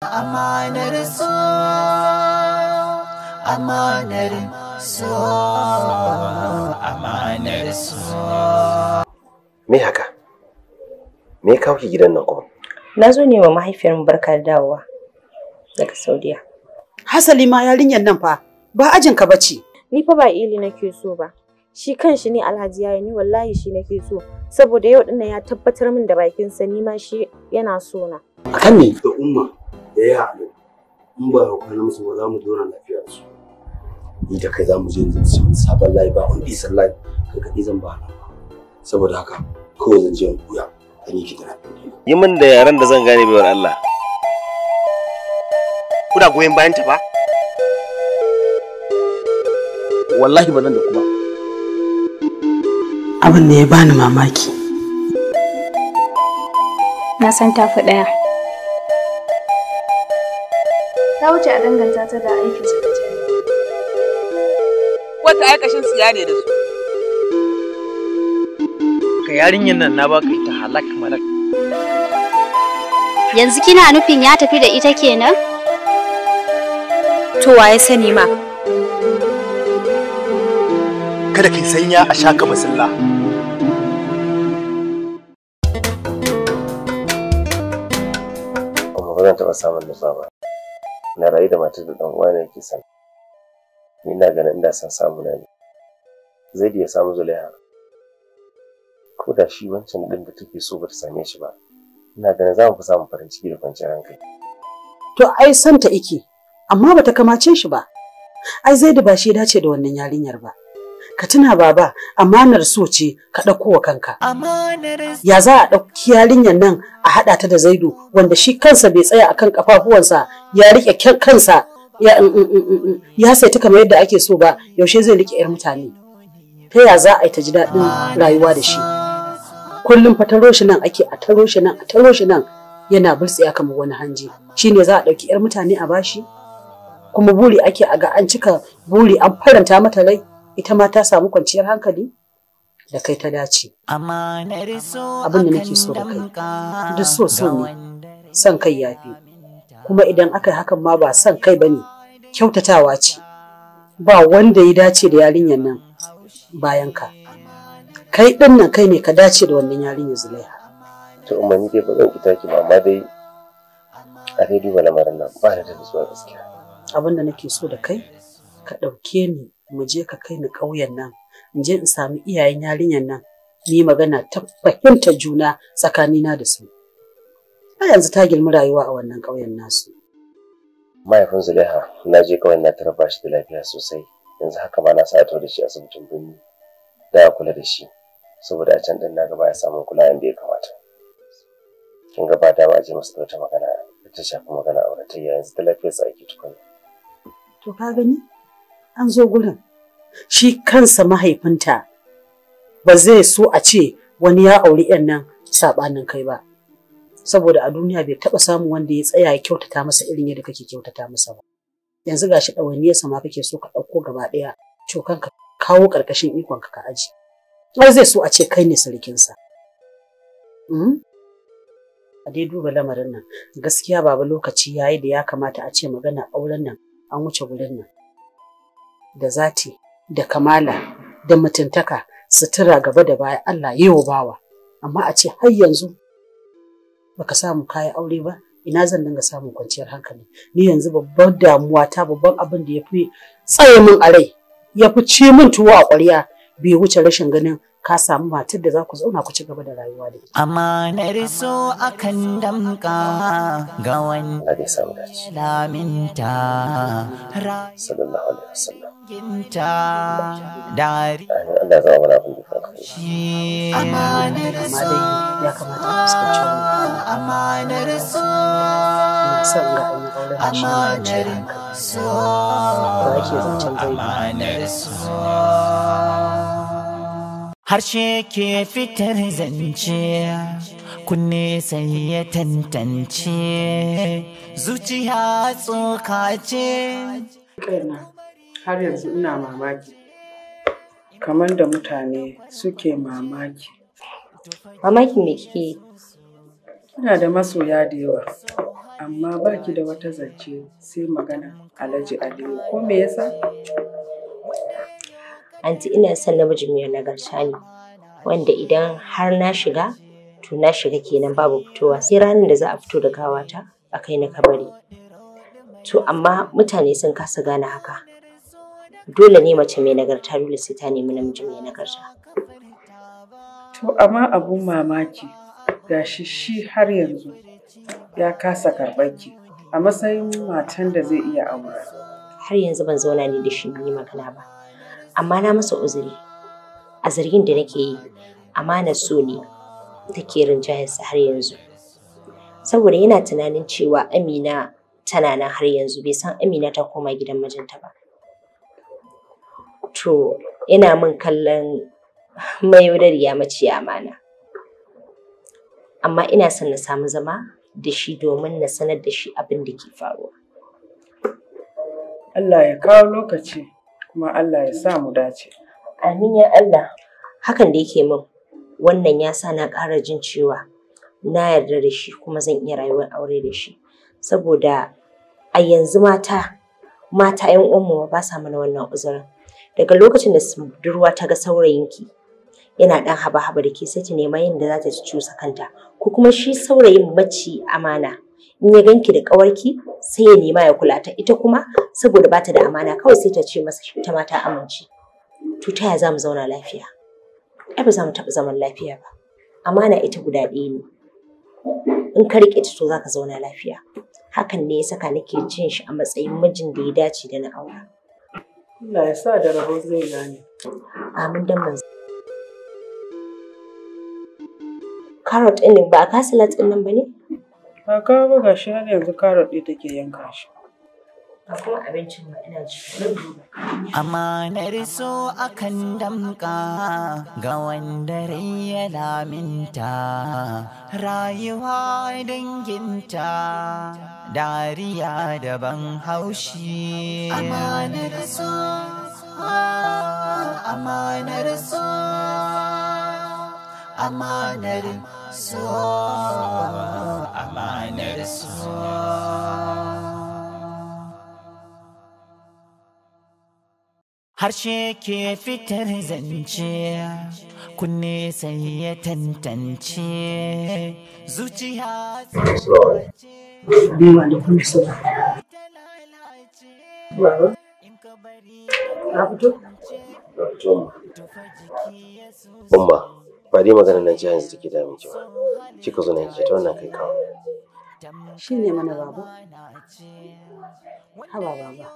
Amanar so, amanar so, amanar so. Me haka? Me kawo ki gidan nan kuma? Na zo ne wa mahaifiyarmu barka da dawowa daga Saudiya. Hasali ma yarinyar nan fa ba ajin ka bace. Ni fa ba ili nake so ba. Shi kan shi ne Alhaji yayi ni wallahi shi nake so saboda yau dinnan ya tabbatar min da bakin sa ni ma shi yana so na. Akan ne da umma da ya haɗu in ba musu ba za mu zauna lafiya su ni da kai za mu je yanzu sabon layi ba wani isan layi kai zan ba nan ba saboda haka kawai zan je in buya yi yi min da yaran da zan gane baiwar Allah kuna goyon bayan ta ba wallahi ba nan da kuma abin da ya bani mamaki na san tafi ɗaya ta wuce a danganta ta da aikin sakatare. Wata aikashin siya ne da su. Ka yarinyar nan na baka ita halak malak. Yanzu kina nufin ya tafi da ita kenan? To waye sani ma. Kada kai sanya a shaka masalla. ba zan taɓa samun nutsuwa ba na rayu da matar da ɗan uwana yake sani. ni na ganin ina san samu na ne zai ya samu zulaiha ko da shi wancan ɗin da take so ba ta same shi ba ina ganin za mu fi samun farin ciki da kwanciyar hankali to ai santa ike amma bata kamace shi ba ai zai da ba shi dace da wannan yarinyar ba ka tuna baba amanar so ce ka ɗauko wa kanka. Ya za a ɗauki yarinyar nan a haɗa ta da zaidu wanda shi kansa bai tsaya akan kafafuwansa ya riƙe kansa mm, mm, mm, ya saita kamar yadda ake so ba yaushe zai riƙe 'yar mutane. Ta ya za a yi ta ji daɗin rayuwa da shi. Kullum fa taro shi nan ake a taro shi nan a taro shi nan yana burtsiya kamar wani hanji. Shi ne za a ɗauki 'yar mutane a bashi? Kuma buri ake a ga an cika buri an faranta mata rai. ita ma ta samu kwanciyar hankali da kai ta dace. Abin da nake so da kai, duk so so ne, San kai ya fi. Kuma idan aka yi hakan ma ba san kai ba ne, kyautatawa ce. Ba wanda ya dace da yarinyar nan bayan ka. Kai din nan kai ne ka dace da wannan yarinyar Zulaiha. To umarni dai ba zan kita ki ba, amma dai a rediyo lamarin nan ba da zuwa gaskiya. Abin da nake so da kai, ka ɗauke ni mu je ka kai ni ƙauyen nan in je in samu iyayen yarinyar nan ni magana ta fahimta juna tsakanina da su a yanzu ta girmi rayuwa a wannan ƙauyen nasu mahaifin Zulaiha na je ƙauyen na tara shi da lafiya sosai yanzu haka ma na sa da shi asibitin birni da kula da shi saboda a can din na gaba ya samu kula yadda ya kamata kin ga ba dama a je masa ta magana ta shafi magana ta yanzu ta lafiyarsa ake tukuna to ka gani an zo gurin shi kansa mahaifinta ba zai so a ce wani ya auri 'yan nan saɓanin kai ba saboda a duniya bai taɓa samun wanda ya tsaya ya kyautata masa irin yadda kake kyautata masa ba yanzu gashi ɗawainiyarsa ma kake so ka ɗauko gaba ɗaya cokan ka kawo ƙarƙashin ikonka ka aji wai zai so a ce kai ne sarkinsa hmm? a dai duba lamarin nan gaskiya baba lokaci yayi da ya kamata a ce magana auren nan an wuce gurin nan da zati da kamala da mutuntaka sutura gaba da baya Allah yi wa bawa amma a ce har yanzu baka samu kayan aure ba ina zan dinga samun kwanciyar hankali ni yanzu babban damuwa ta babban abin da ya fi tsaye min a rai ya fi ci min tuwo a ƙwarya bai wuce rashin ganin ka samu matar da za ku zauna ku ci gaba da rayuwa da ita. Amma na riso akan damka ga wani laminta. Sallallahu alaihi wasallam. bakinta dari shi amanar ah, harshe ke fitar zance kunne sai ya tantance zuciya tsoka ce har yanzu ina mamaki kamar da mutane suke mamaki mamaki me kike yi da masoya da yawa amma ba ki da wata zance sai magana alhaji aliyu ko me yasa anti ina son namiji mai nagarta ne wanda idan har na shiga to na shiga kenan babu fitowa sai ranar da za a fito da gawata a kai na kabari to amma mutane sun kasa gane haka dole ne mace mai nagarta dole sai ta nemi namiji mai nagarta. To amma abun mamaki gashi shi har yanzu ya kasa karɓar ki a matsayin matan da zai iya aure. Har yanzu ban zauna ni da shi yi magana ba. Amma na masa uzuri. A zargin da nake yi amana so ne take rinjayarsa har yanzu. Saboda yana tunanin cewa Amina tana nan har yanzu bai san Amina ta koma gidan mijinta ba. to ina min kallon mayaudariya maciya amana. Amma ina son na samu zama da shi domin na sanar da shi abin da ke faruwa. Allah ya kawo lokaci kuma Allah ya sa mu dace. Amin ya Allah. Hakan da yake min wannan ya sa na ƙara jin cewa na yarda da shi kuma zan iya rayuwar aure da shi. Saboda a yanzu mata mata 'yan uwanmu ba sa mana wannan uzurin. daga lokacin da budurwa ta ga saurayinki yana dan haba-haba da ke sai ta nema yadda za ta cusa kanta ko kuma shi saurayin mace amana in ya ganki da kawarki sai ya nema ya kula ta ita kuma saboda ba ta da amana kawai sai ta ce masa ta mata aminci. amince to ta za mu zauna lafiya ai ba za mu taɓa zaman lafiya ba amana ita guda ɗaya ne in ka riƙe ta to za ka zauna lafiya hakan ne ya saka nake jin shi a matsayin mijin da ya dace da na aura Allah ya sa da rabo zai gane. Amin dan manzo. Carrot ɗin ba a kasa ɗin nan ba ne? Ba ka ba gashi har yanzu carrot ɗin take yanka shi. kuma akan damka ga wanda rai ya laminta rayuwa danginta dariya daban haushi. Amanar so, amanar so, amanar so, amanar so. harshe ke fitar zance kunne sai ya tantance zuciya Umma, ba dai magana nan yanzu take damin ki cewa. Kika zo na ta wannan kai kawo. shi ne mana baba haba baba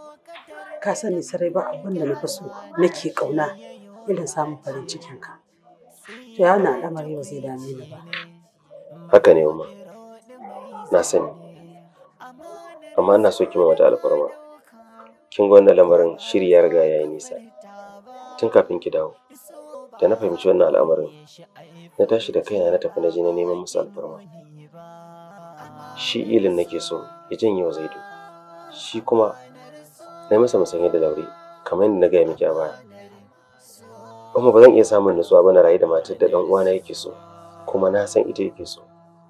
ka sani sarai ba abin da na fi so nake kauna irin samun farin cikin ka to ya na alamar ba zai dame ni ba haka ne Umar. na sani amma ina so ki mata alfarma kin ga wannan lamarin shiri ya riga yayi nisa tun kafin ki dawo da na fahimci wannan al'amarin na tashi da kaina na tafi na je na neman musu alfarma shi ilin nake so ya yau wa zaidu shi kuma na masa musanye da laure kamar yadda na gaya miki a baya kuma ba zan iya samun nutsuwa ba na rayu da matar da dan uwana yake so kuma na san ita yake so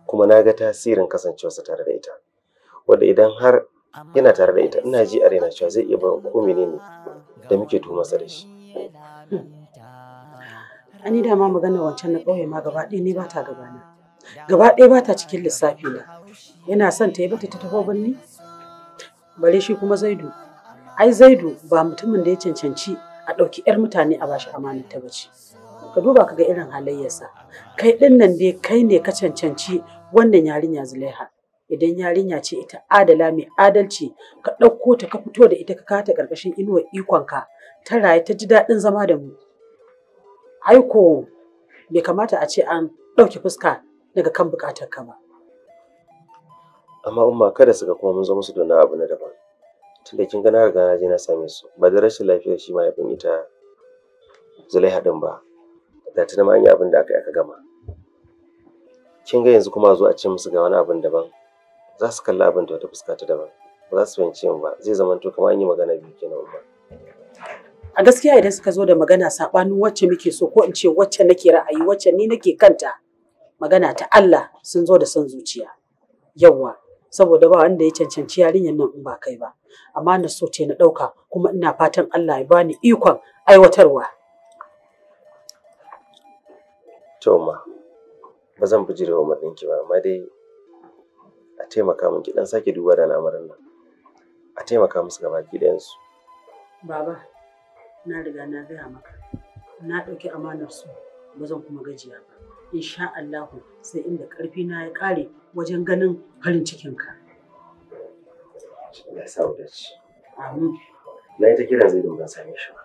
kuma na ga tasirin kasancewarsa tare da ita wanda idan har yana tare da ita ina ji a raina cewa zai iya barin ko menene da muke masa da shi ani dama magana wancan na ƙauye ma gaba ɗaya ne ba ta gabana gaba ɗaya bata cikin lissafi na yana son ta yi bata ta tafi birni bare shi kuma zaidu ai zaidu ba mutumin da ya cancanci a ɗauki 'yar mutane a bashi amanar ta bace ka duba ka ga irin halayyarsa kai ɗin nan dai kai ne ka cancanci wannan yarinya zulaiha idan yarinya ce ita adala mai adalci ka ɗauko ta ka fito da ita ka kata ƙarƙashin inuwar ikonka ta raye ta ji daɗin zama da mu aiko bai kamata a ce an ɗauki fuska daga kan bukatar ka ba amma umma kada su ga kuma mun zo musu da na abu na daban tunda kin ga na na je na same su ba da rashin lafiyar shi bin ita zulaiha din ba da ma an yi abin da aka yi aka gama kin ga yanzu kuma zo a ce musu ga wani abin daban za su kalli abin da wata fuska ta daban ba za su fahimci ba zai zama to kamar an yi magana biyu kenan umma a gaskiya idan suka zo da magana saɓanin wacce muke so ko in ce wacce nake ra'ayi wacce ni nake kanta magana ta Allah sun zo da son zuciya yawa saboda ba wanda ya cancanci yarinyar nan in ba kai ba amma na so ce na ɗauka kuma ina fatan Allah ya bani ikon aiwatarwa to ma ba zan wa maɗinki ba amma dai a taimaka min ki dan sake duba da lamarin nan a taimaka musu gaba gidansu. baba na riga na gaya maka na ɗauki amanar su ba zan kuma gajiya ba insha Allahu sai inda ƙarfi na ya ƙare wajen ganin farin cikin ka. Ya sa Amin. Na yi ta kira zai dogon same shi ba.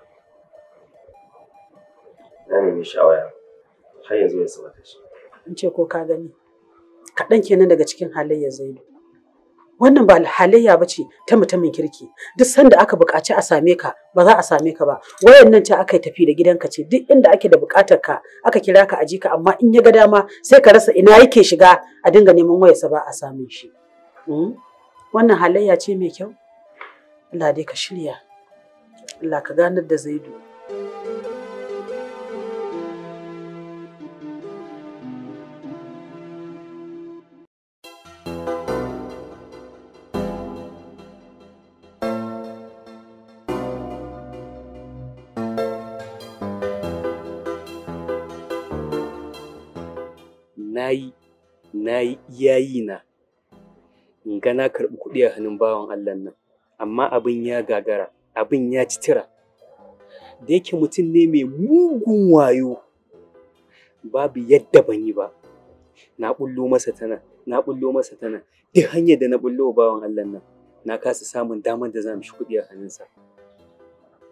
Na nemi shawara har yanzu ya saba da An ce ko ka gani? Kaɗan kenan daga cikin halayyar zai wannan ba halayya ba ce ta mutumin kirki duk sanda aka buƙaci a same ka ba za a same ka ba Wayannan ce aka yi tafi da gidanka ce duk inda ake da buƙatar ka aka kira ka aji ka amma in ya ga dama sai ka rasa ina yake shiga a dinga neman wayarsa ba a same shi hmm? wannan halayya ce mai kyau Allah dai ka shirya Allah ka ganar da Zaidu yayi na in ga na karɓi kuɗi a hannun bawan Allah nan amma abin ya gagara abin ya ci tira da yake mutum ne mai mugun wayo babu yadda ban yi ba na bullo masa tana na bullo masa tana duk hanyar da na bullo bawan Allah nan na kasa samun damar da zan shi kuɗi a hannunsa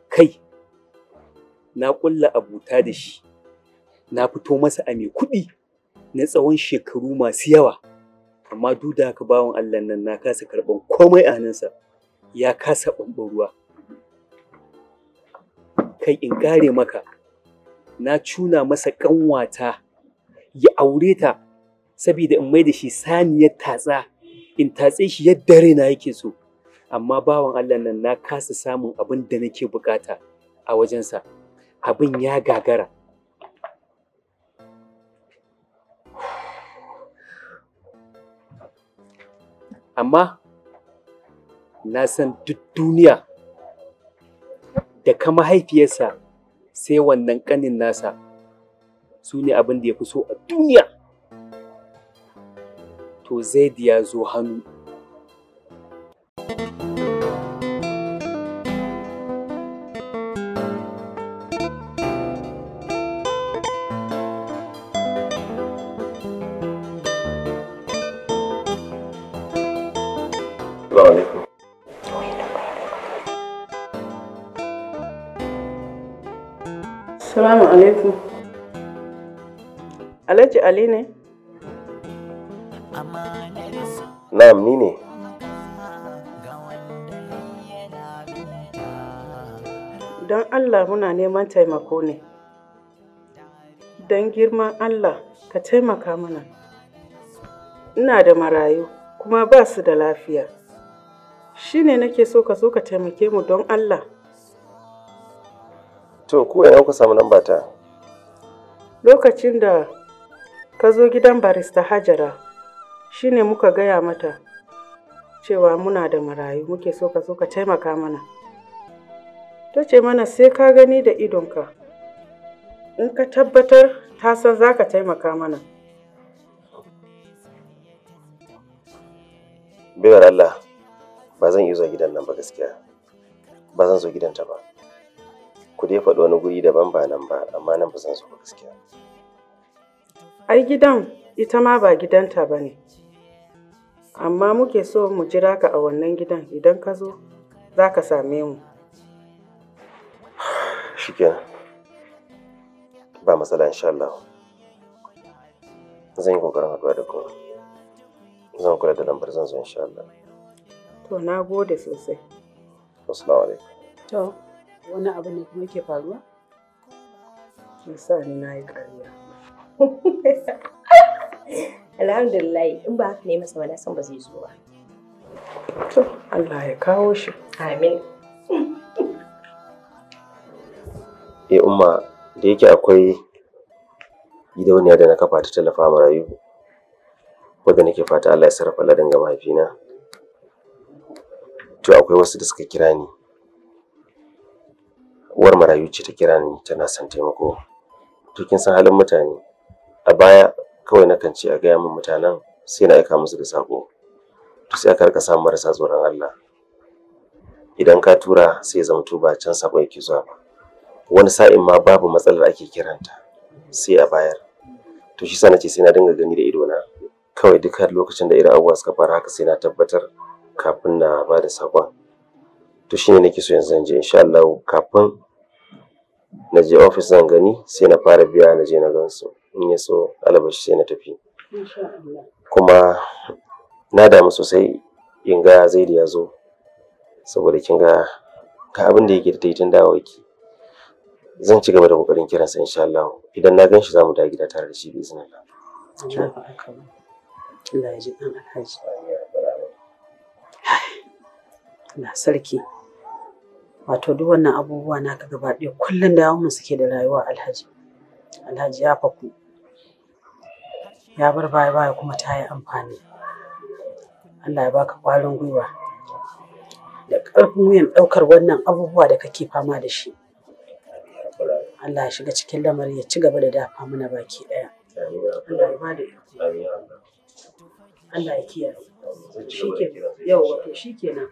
kai na ƙulla abuta da shi na fito masa a mai kuɗi na tsawon shekaru masu yawa amma duk da haka bawan Allah nan na kasa karɓan komai a hannunsa ya kasa ɓamɓan ruwa kai in kare maka na cuna masa ƙanwata ya aure ta saboda in mai da shi saniyar tatsa in tatse shi yadda raina yake so amma bawan Allah nan na kasa samun abin da nake bukata a wajensa abin ya gagara amma na san duk duniya da ka mahaifiyarsa sai wannan ƙanin nasa su ne abin da ya fi so a duniya to zaidi ya zo hannu Assalamu alaikum. Alhaji Ali ne? Na'am ni ne. Don Allah muna neman taimako ne. Don girman Allah ka taimaka mana. Ina da marayu kuma ba su da lafiya. Shi ne nake so ka so ka taimake mu don Allah. To, ku yana ku samu lamba ta? Lokacin da ka zo gidan barista Hajara, shine ne muka gaya mata cewa muna da marayu muke so ka zo ka taimaka mana. Ta ce mana sai ka gani da idonka, in ka tabbatar ta san za ka taimaka mana. Bewar Allah, ba zan iya zuwa gidan nan ba gaskiya, ba zan zo gidanta ba. ku dai faɗi wani guri daban ba nan ba amma nan ba zan so gaskiya ai gidan ita ma ba gidanta ba ne amma muke so mu jira ka a wannan gidan idan ka zo za ka same mu shikenan ba matsala insha Allah zan yi kokarin haɗuwa da kuma, zan kula da lambar zan zo insha Allah to na gode sosai assalamu alaikum to wani abu ne kuma ke faruwa? sa ni na yi ƙarya. Alhamdulillah in ba haka ne masa wani san ba zai zo ba. To Allah ya kawo shi. Amin. Eh umma da yake akwai gidauniya da na kafa ta tallafa rayu wadda nake fata Allah ya sarrafa ladan ga mahaifina. To akwai wasu da suka kira ni uwar marayu ce ta kira ni tana son taimako to kin san halin mutane a baya kawai nakan ce a gaya min mutanen sai na aika musu da sako to sai aka rika samun marasa tsoron Allah idan ka tura sai zama tuba can sako yake zuwa ba wani sa'in ma babu matsalar ake kiranta sai a bayar to shi sa nace sai na dinga gani da ido na kawai duk lokacin da irin abubuwa suka fara haka sai na tabbatar kafin na ba da sakon to shine nake so yanzu in je insha Allah kafin na je ofis zan gani sai na fara biya na je na gansu in ya so albashi sai na tafi kuma na damu sosai in ga zaidi ya zo saboda kin ga ka abin da yake da dawo ki zan ci gaba da kokarin kiransa insha Allah idan na ganshi shi zamu dawo gida tare da shi bi Allah Allah ya ji dan alhaji na sarki wato duk wannan abubuwa naka gaba ɗaya kullum da mu suke da rayuwa alhaji alhaji ya faku ya bar baya baya kuma ta yi amfani Allah ya baka kwarin gwiwa da ƙarfin wuyan ɗaukar wannan abubuwa da kake fama da shi Allah ya shiga cikin lamarin ya ci gaba da dafa mana baki ɗaya Allah ya bada Allah ya kiyaye yau wato shi nan,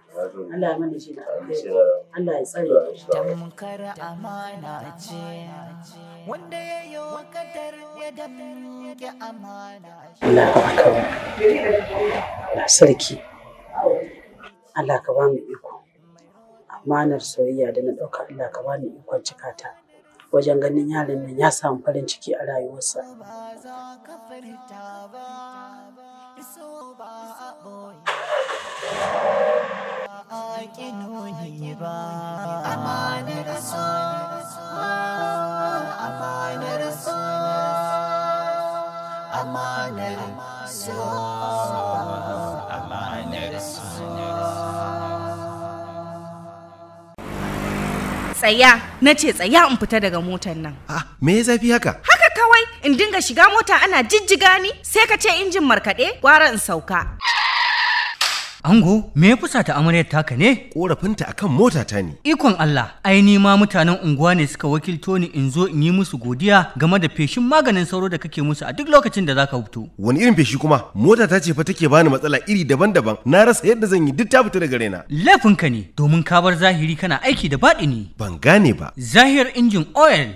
Allah ya mana jina Allah ya tsare tamkar amana ce wanda ya yi wa kadar ya damke amana Allah ka baka Allah sarki Allah ka ba mu iko amanar soyayya da na ɗauka Allah ka ba ni ikon cikata wajen ganin yaron nan ya samu farin ciki a rayuwarsa. so ba ba a ƙinoni tsaya na ce tsaya in fita daga motar nan ah, me ya zafi haka kawai in dinga shiga mota ana jijjiga ni sai ka ce injin markaɗe gwara in sauka. Ango, me ya fusa ta amaryar taka ne? Ƙorafinta akan mota ta ne. Ikon Allah, ai ni ma mutanen unguwa ne suka wakilto ni in zo in yi musu godiya game da feshin maganin sauro da kake musu a duk lokacin da zaka fito. Wani irin feshi kuma? Mota ta ce fa take bani matsala iri daban-daban. Na rasa yadda zan yi duk ta fita daga raina. Laifinka ne, domin ka bar zahiri kana aiki da baɗi ne. Ban gane ba. Zahir injin oil.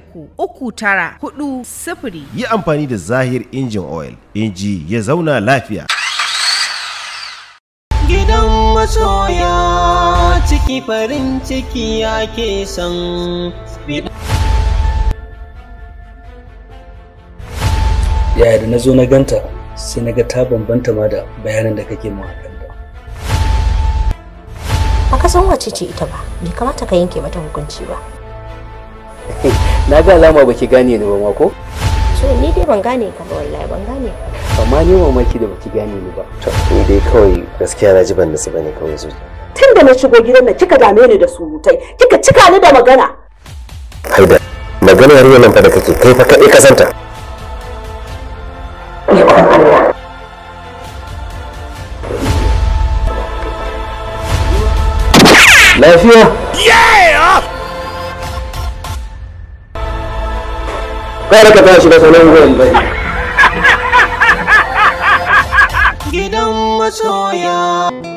uku uku tara hudu sifiri. Yi amfani da Zahir injin oil, inji ya zauna lafiya. Gidan masoya ciki farin ciki yake son yaya da na zo na ganta sai na ga ta bambanta ma da bayanan da kake mu akan ba ka san wace ce ita ba bai kamata ka yanke mata hukunci ba na ga alama baki gane ni ba ma ko to ni dai ban gane ka ba wallahi ban gane amma ni mamaki da baki gane ni ba to ni dai kawai gaskiya na ji ban nasu bane kawai zuci tun da na shigo gidan nan kika dame ni da surutai kika cika ni da magana haida magana yarinyar nan fa da kake kai fa kai ka santa lafiya kawai ka tashi da sanan goyon bai gidan masoya